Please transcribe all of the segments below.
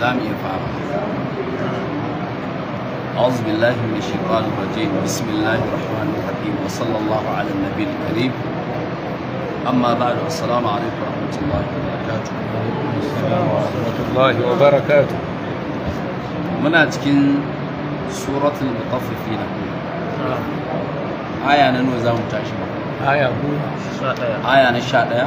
za mu iya fara أعوذ بالله من الشيطان الرجيم بسم الله الرحمن الرحيم وصلى الله على النبي الكريم أما بعد السلام عليكم ورحمة الله وبركاته السلام ورحمة الله وبركاته muna cikin suratul mutaffifina aya na nawa za mu tashi aya goma aya na sha ɗaya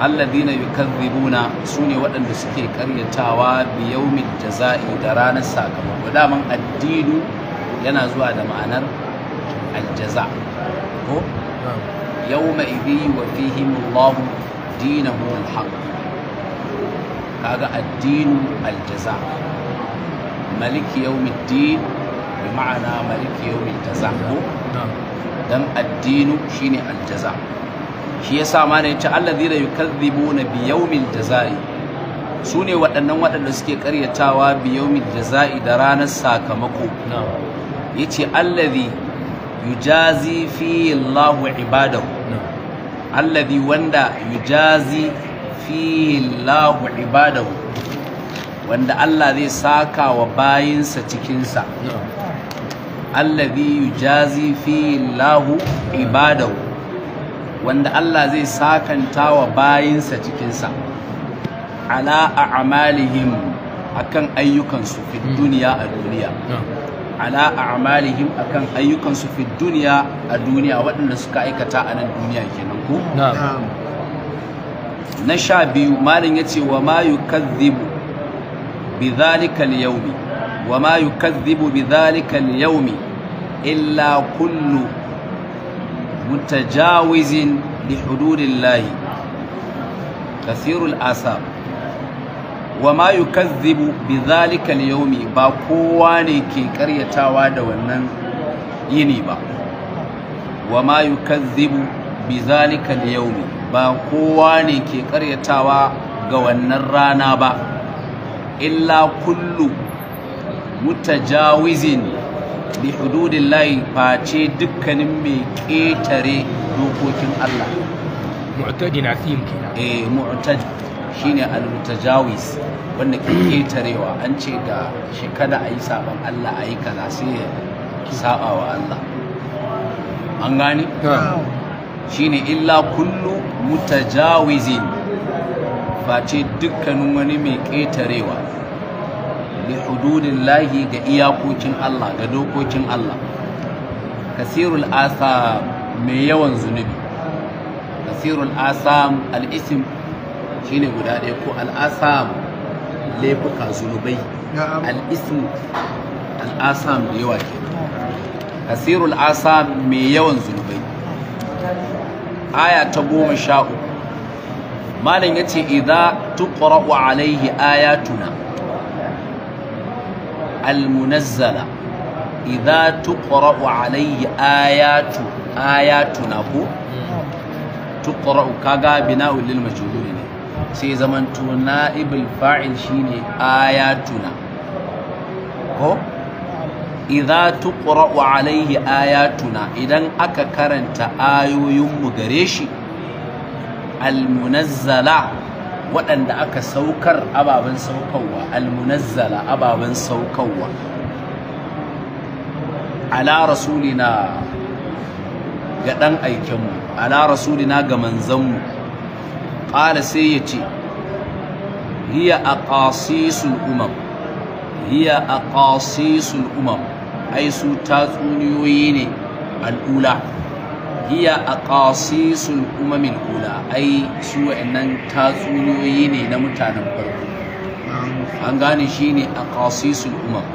alladina yukazzibuna sune waɗanda suke karyatawa bi yawmil jazai da ranar sakamako daman addinu yana zuwa da ma'anar aljaza ko yawma idhi wa fihim Allah dinahu alhaq kaga addinu aljaza maliki din bi ma'ana maliki yawmil jaza ko dan addinu shine aljaza shi ya yasa ma ne yace allazina yukadzibuna bi yawmil jazai su ne waɗannan waɗanda suke karyatawa biyaumin yawmil jazai da ranar sakamako ya yace allazi yujazi fi Allahu ibadahu allazi wanda yujazi fi Allahu ibadahu wanda Allah zai saka wa bayinsa cikinsa allazi yujazi fi Allahu ibadahu wanda Allah zai sakanta wa bayinsa cikinsa ala a'malihim akan ayyukansu fi duniya a duniya ala a'malihim akan ayyukansu fi duniya a duniya waɗanda suka aikata a nan duniya kenan ku? na sha biyu malin ya ce wa ma yukazzibu bi dhalika al wa ma bi zalikal al illa kullu mutajawizin da hududin layi kasirul asa wa ma kan zibu bi zalikal yaumi ba kowa ne ke karyatawa da wannan yini ba wa ma kan zibu bi zalikal yaumi ba kowa ne ke karyatawa ga wannan rana ba illa kullu mutajawizin bi hududin layi face dukkanin mai ƙetare dokokin Allah mu'tadi na fim kenan eh mu'tadi shine al-mutajawis wanda ke ƙetarewa an ce ga shi kada a yi saban Allah a yi kaza sai ya saba wa Allah an gane shine illa kullu mutajawizin face dukkanin wani mai ƙetarewa bi hududillahi ga iyakokin Allah ga dokokin Allah kasirul asam me yawan zunubi kasirul asam al'isim shine guda ɗaya ko al'asam laifuka zunubai al'isim al'asam da yawa ke kasirul asam me yawan zunubai aya ta goma sha uku malam ya ce idan a alaihi ayatuna almunazzala idza tuqra'u alayya ayatu ayatuna ku? tuqra'u kaga bina'u lil majhuli ne sai zamanto na'ibul fa'il shine ayatuna ko idza tuqra'u alayhi ayatuna idan aka karanta ayoyin mu gare shi almunazzala waɗanda aka saukar ababen saukarwa almunazzala ababen saukarwa ala rasulina ga ɗan aikinmu ala rasulina ga manzanmu ƙara sai ya ce hiya a ƙasisul umam hiya a ƙasisul umam ai su tatsuniyoyi ne al'ula hiya aqasisul umamil ula ai su wa'annan tatsuniyoyi ne na mutanen farko an gane shine aqasisul umam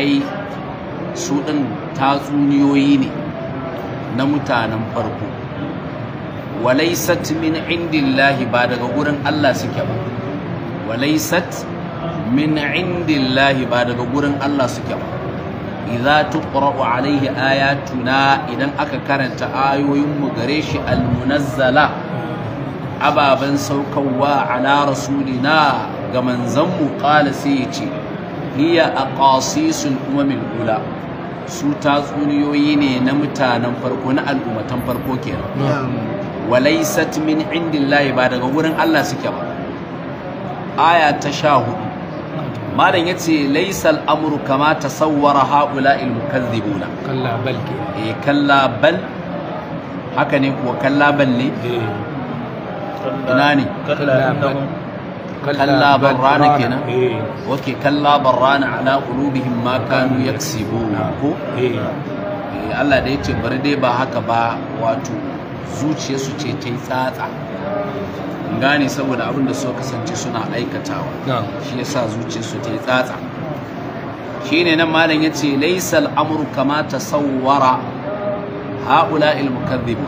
ai su ɗin tatsuniyoyi ne na mutanen farko walaisat min indillahi ba daga gurin Allah suke ba walaisat min ba daga Allah ba idza tuqra'u Alayhi ayatuna idan aka karanta ayoyin mu gare shi almunazzala ababan saukawa ala rasulina ga manzon mu qala sai yace hiya aqasisul umamil ula su tatsuniyoyi ne na mutanen farko na al'ummatan farko kenan walaysat min indillahi ba daga wurin Allah suke ba aya ta sha hudu malam yace laysal laisal amru kama tasawwara haula il mukazzibuna kalla bal ke eh kalla bal haka ne kuwa kalla bal ne eh. ina ne kalla bal rana kenan wake eh. kalla bal rana ala qulubihim ma kanu yaksibuna ko eh. Allah da ya ce bari dai ba haka ba wato zuciyarsu ce ta tsatsa gane saboda abin da suka kasance suna aikatawa shi yasa zuciyarsu ta yi tsatsa shine nan malam yace laysal amru kama tasawwara haula'il mukadzibu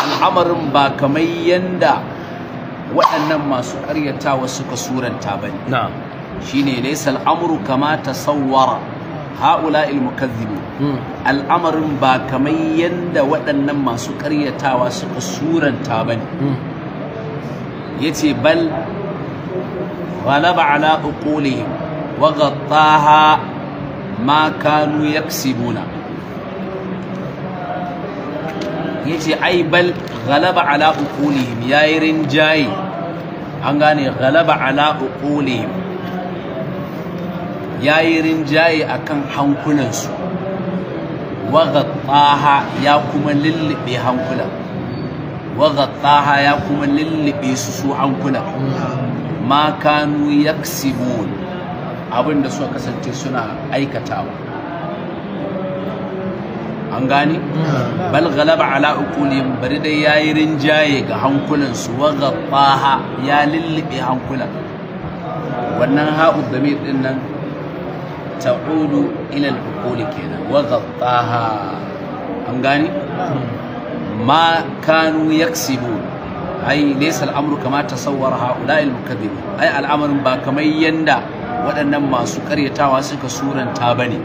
al'amarin ba kamar yanda waɗannan masu ƙaryatawa suka suranta hmm. al'amarin ba kamar yanda waɗannan masu ƙaryatawa suka suranta bane hmm. yace bal ghalaba ala uqulihim wa ghattaha ma kanu yaksibuna yace ai bal ghalaba ala uqulihim yayi rinjaye an gane ghalaba ala uqulihim yayi rinjaye akan hankulansu wa ghattaha ya kuma lullube hankulan wa ghattaha ya kuma lullube su su hankula ma kanu yaksibun abin da suka kasance suna aikatawa an gani bal ghalaba ala uqulihim bari dai yayi rinjaye ga hankulan su wa ghattaha ya lullube hankula wannan ha'u damir din nan ta'udu ilal al-uquli kenan wa ghattaha an gani ma kanu yaksibu ai laysa al'amru kama tasawwara haula'i al-mukaththibin ai al'amarin ba kamar yanda waɗannan masu karyatawa suka suranta bane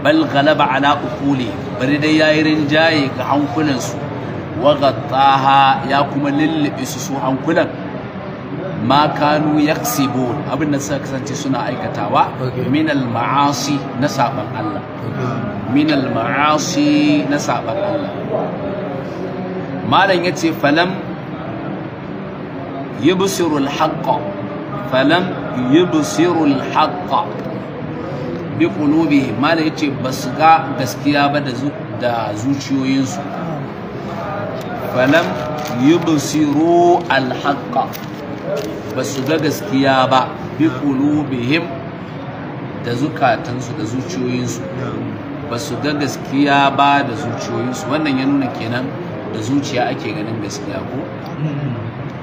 bal ghalaba ala uquli bari dai yayi rinjaye ga hankulansu wa ghattaha ya kuma lillibi su su hankulan ma kanu yaksibun abin da suka kasance suna aikatawa min al-ma'asi na saban Allah malam ya ce falam yubsirul haqqa falam yubsirul haqqa bi qulubihim malam ya ce basu ga gaskiya ba da zuciyoyinsu falam yubsiru al haqqa basu ga gaskiya ba bi qulubihim da zukatansu da zuciyoyinsu Ba su ga gaskiya ba da zuciyoyinsu wannan ya nuna kenan da zuciya ake ganin gaskiya ko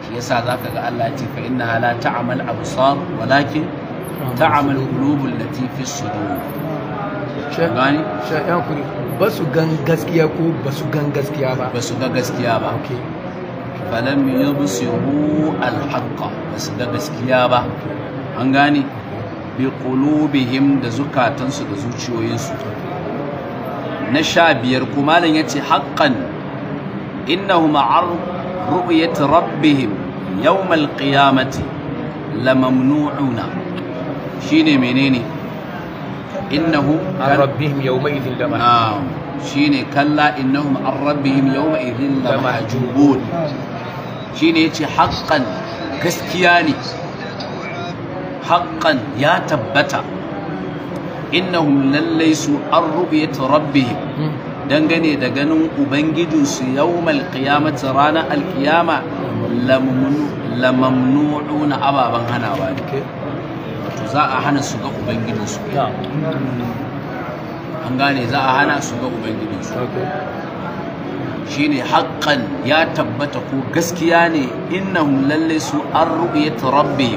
shi yasa zaka ga Allah ya ce fa inna la ta'mal absar walakin ta'mal qulubul lati fi sudur gani sha'an kuri ba su gan gaskiya ko ba su gan gaskiya ba ba su ga gaskiya ba okay falam yubsiru al-haqqa ba su ga gaskiya ba an gane bi qulubihim da zukatansu da zuciyoyinsu na sha biyar kuma malam yace haqqan إنهم عن رؤية ربهم يوم القيامة لممنوعون شيني منيني إنهم عن ربهم يومئذ لمحجوبون آه. شيني كلا إنهم عن ربهم يومئذ لمحجوبون شيني يتي حقا كسكياني حقا يا تبتا إنهم لن ليسوا عن رؤية ربهم dangane da ganin ubangijinsu yawmal qiyamati ranar alkiyama lamamnu'u na ababen hanawa ne wato za a hana su ga ubangijinsu an gane za a hana su ga ubangijinsu shine haƙƙan ya tabbata ko gaskiya ne innahum lalle su an ru'yat Rabbi.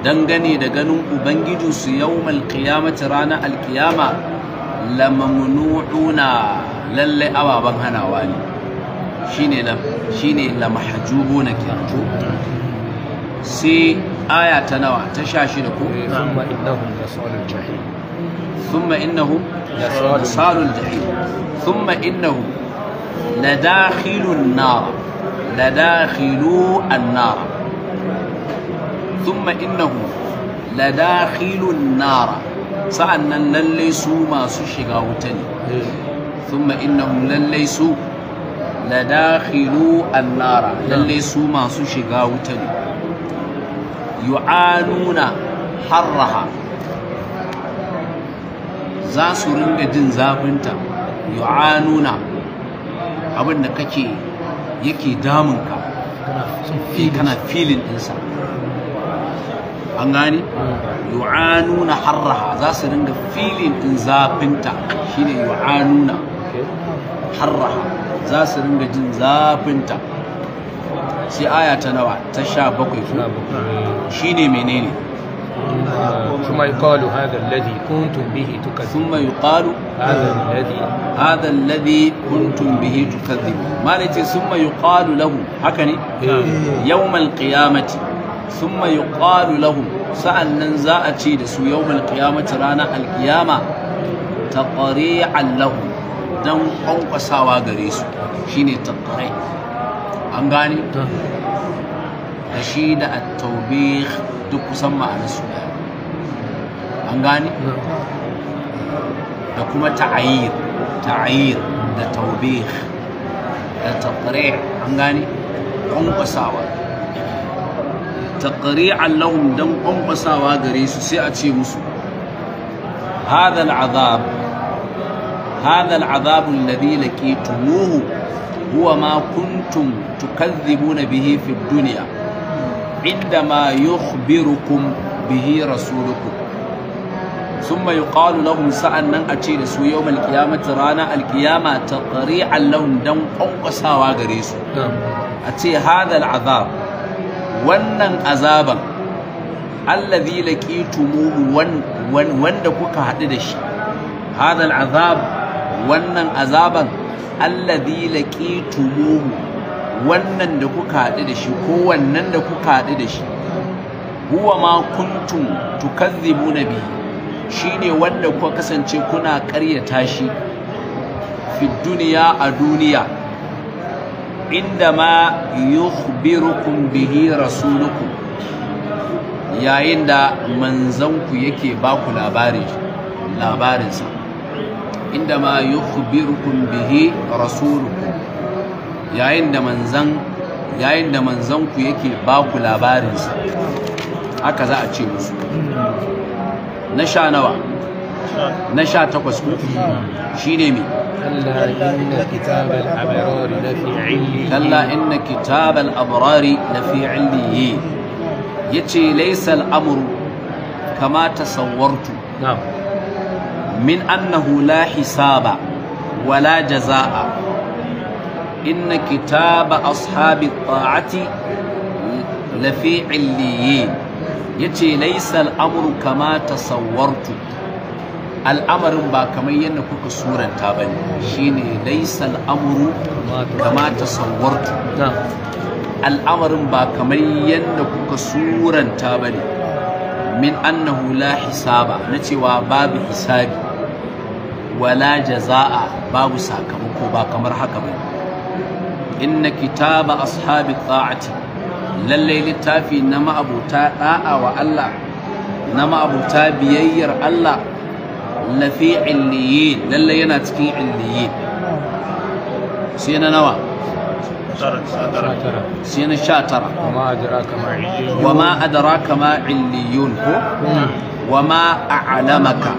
dangane da ganin ubangijinsu yawmal qiyamati ranar alkiyama lamamnu'una lalle ababan hanawa ne shine la shine lamahjubuna kenan sai aya ta nawa ta sha shida ko eh, thumma innahum yasalul jahim thumma innahum yasalul jahim thumma innahum ladakhilun nar ladakhilu an-nar thumma innahum ladakhilun nar sa'an nan lallai su masu shiga wuta ne thumma innahum lallai su la dakhilu annara lallai su masu shiga wuta ne yu'anuna harraha za su ringa jin zafinta yu'anuna abin da kake yake damunka kana eh, filin ɗinsa an gani. Mm. yu'anuna harraha za su ringa filin din zafinta shine yu'anuna harraha za su ringa jin zafinta sai aya ta nawa ta sha bakwai shine menene ثم يقال هذا الذي كنتم به تكذبون ثم يقال هذا الذي هذا الذي كنتم به تكذبون ما ثم يقال له هكذا يوم القيامه summa yuqalu lahum sa'annan za a ce da su yawmal qiyamati ranar alkiyama taqri'an lahum dan kwankwasawa gare su shine taqri an gane da shi da at-tawbih duk kusan ma'anar su an gane da kuma da da an gane taƙari allahun don ƙwanfasawa gare su sai a ce musu hadal azab hadal azabun ladila ke tumuhu huwa ma kuntum tukazzibu na bihi fi inda ma yukhbirukum bihi rasuluku sun mai ƙalu lahun sa'an nan a ce da su yau malkiyamata rana alkiyama ta ƙari allahun don ƙwanfasawa gare su a ce hadal azab wannan azaban allazi laqitumuhu wanda kuka haɗu da shi hadal azab wannan azaban allazi laqitumuhu wannan da kuka haɗu da shi ko wannan da kuka haɗu da shi huwa ma kuntum tukazzibuna bihi shine wanda kuka kasance kuna ƙaryata shi fi duniya a duniya indama yukhbirukum bihi rasulukum yayin da manzanku yake ba ku labarinsa yukhbirukum bihi rasulukum yayin da yayin da manzanku yake ba ku labarinsa haka za a ce musu na sha nawa na sha takwas ko shi ne mai kalla inna kitab al-abrari na fi illiyi ya ce laisa al'amuru kama tasawwartu min annahu la hisaba wala jaza'a inna kitaba ashabi ta'ati lafi illiyin ya ce laisa al'amuru kama tasawwartu al'amarin ba kamar yadda kuka suranta ba ne shine laisa al'amuru kama tasawwartu al'amarin ba kamar yadda kuka suranta ba ne min annahu la hisaba na cewa babu hisabi wala jaza'a babu sakamako ba kamar haka ba inna kitaba ashabi ta'ati lallai littafi na ma'abuta da'a wa Allah na ma'abuta biyayyar Allah lafi illiyin lalle yana cikin illiyin sai na nawa sai na sha tara wa ma adara kama illiyun ko wa ma a'lamaka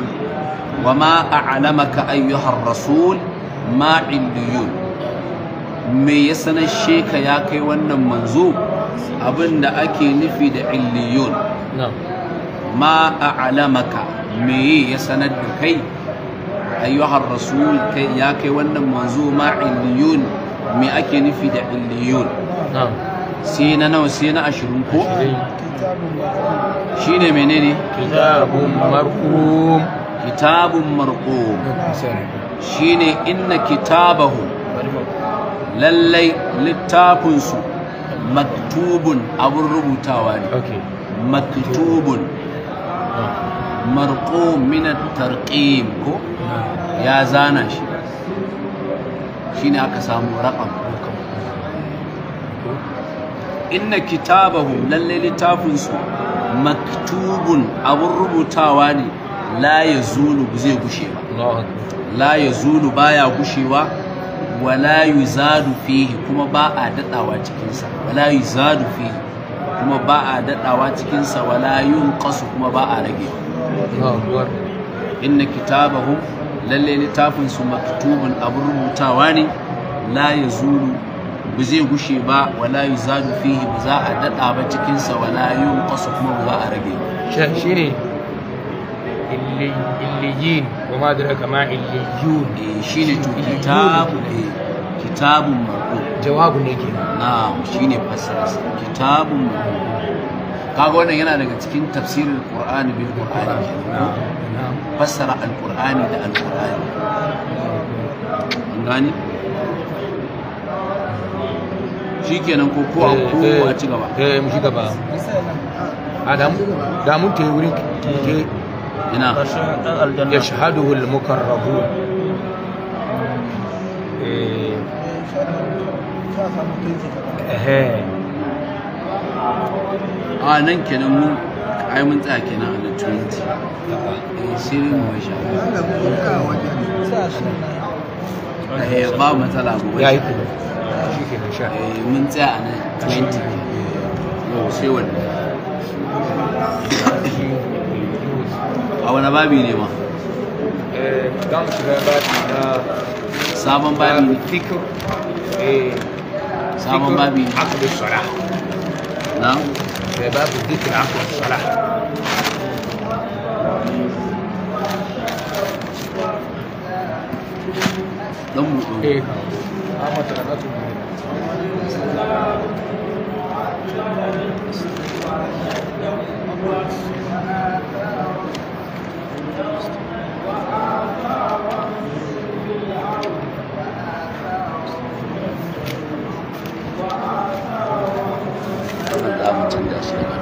wa ma a'lamaka ayyuhar rasul ma illiyun me ya sanar sheka ya kai wannan manzo abinda ake nufi da illiyun ma a a'lamaka meye ya sanar da kai ayyuhar rasul kai ya kai wannan manzo ma illiyun me ake nufi da illiyun sai na nawa sai na ashirin ko shine menene kitabun marqum kitabun marqum shine inna kitabahu lallai littafinsu maktubun abun rubutawa ne maktubun marko min tarqim ko ya zana shi shine aka samu raqam inna kitabahum lalle littafin su maktubun abun rubutawa ne la yazulu zai gushe ba la yazulu baya gushewa wala yuzadu fihi kuma ba a dadawa cikin sa wala yuzadu fihi kuma ba a dadawa cikin sa wala yunqasu kuma ba a ragewa inna kitabahu lalle littafin su maktubun abun rubutawa ne la yazulu ba zai gushe ba wala yuzadu fihi ba za a dada ba cikin sa wala yunqasu kuma ba za a rage shine illiyin wa ma adraka ma illiyun eh shine to kitabu eh kitabun marqu jawabu ne ke na shine fasara kitabun marqu kaga wannan yana daga cikin tafsirin qur'ani bil qur'ani fassara alqur'ani da alqur'ani an gane shikenan ko ko a eh, eh, ci gaba eh mu ci gaba adam ah, da mun tayi wurin ke ina yashhaduhu al-mukarrabun eh eh a nan kenan mun ai mun tsaya kenan a 20 eh ne mu mashi eh ba mu ba yayi kuma shi kenan sha eh mun tsaya a nan 20 yau eh, sai wannan a wani babi ne ma don eh, shiga babi na sabon babi ne fiko eh, sabon babi ne na باب الذكر العفو والصلاح Thank you. إيه. Washington.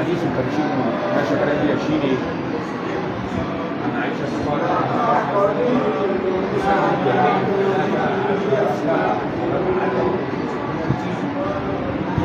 Adesso il calcino lascia prendere a Cini Thank you.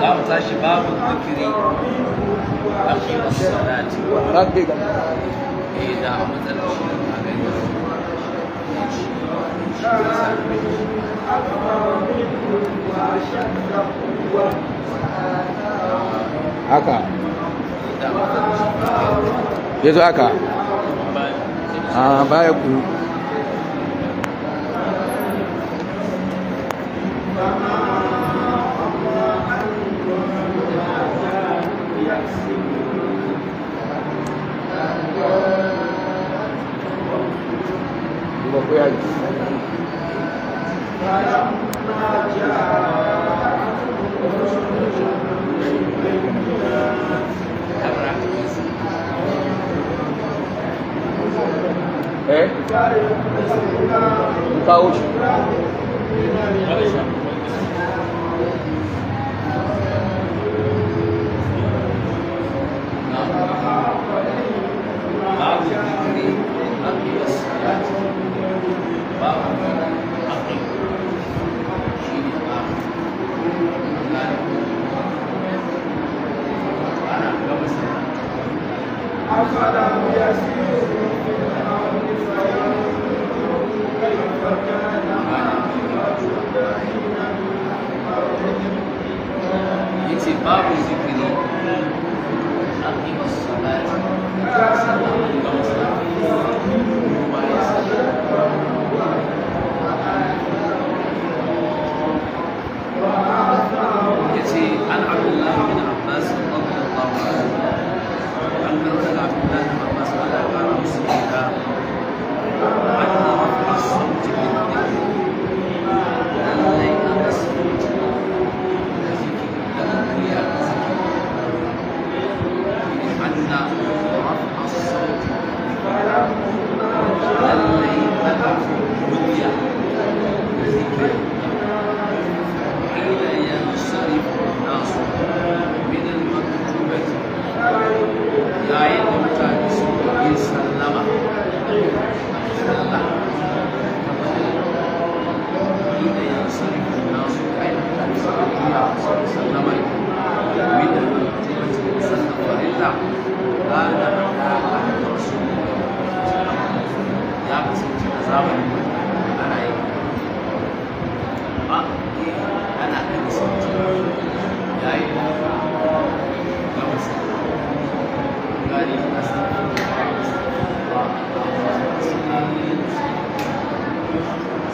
za mu tashi babu zikiri a kima salati rabbi ga eh da haka haka a ah, baya Tá último. Pode deixar. babos e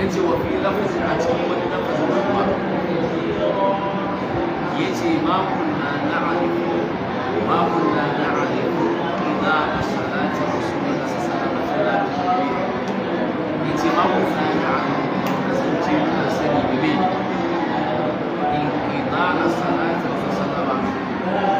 yace wa fi lafzin a cikin wani lafzin kuma yace ma kunna na'rifu ma kunna na'rifu idza as-salatu rasulullah sallallahu alaihi wasallam yace ma kunna na'rifu kasance a sani bibi in idza as-salatu rasulullah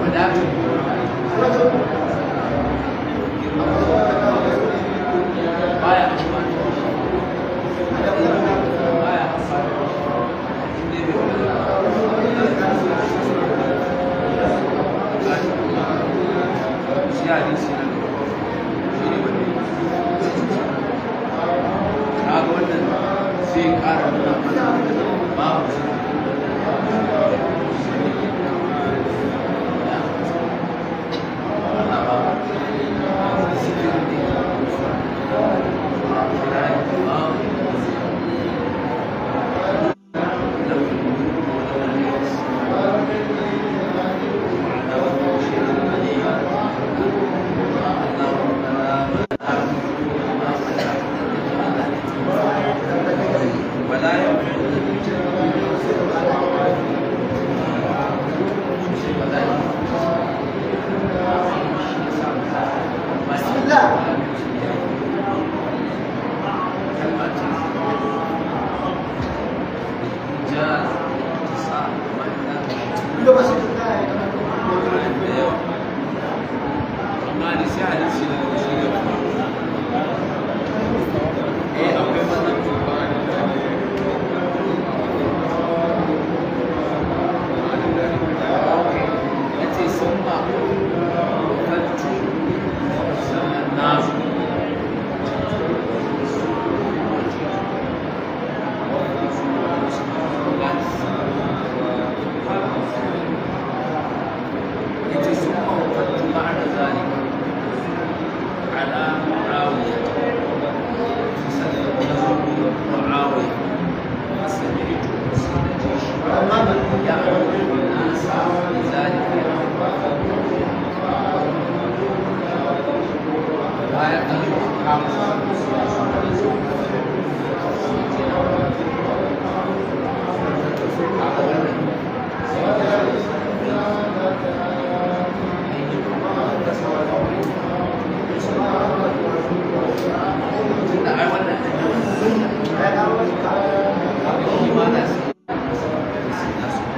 Mình đã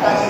Gracias.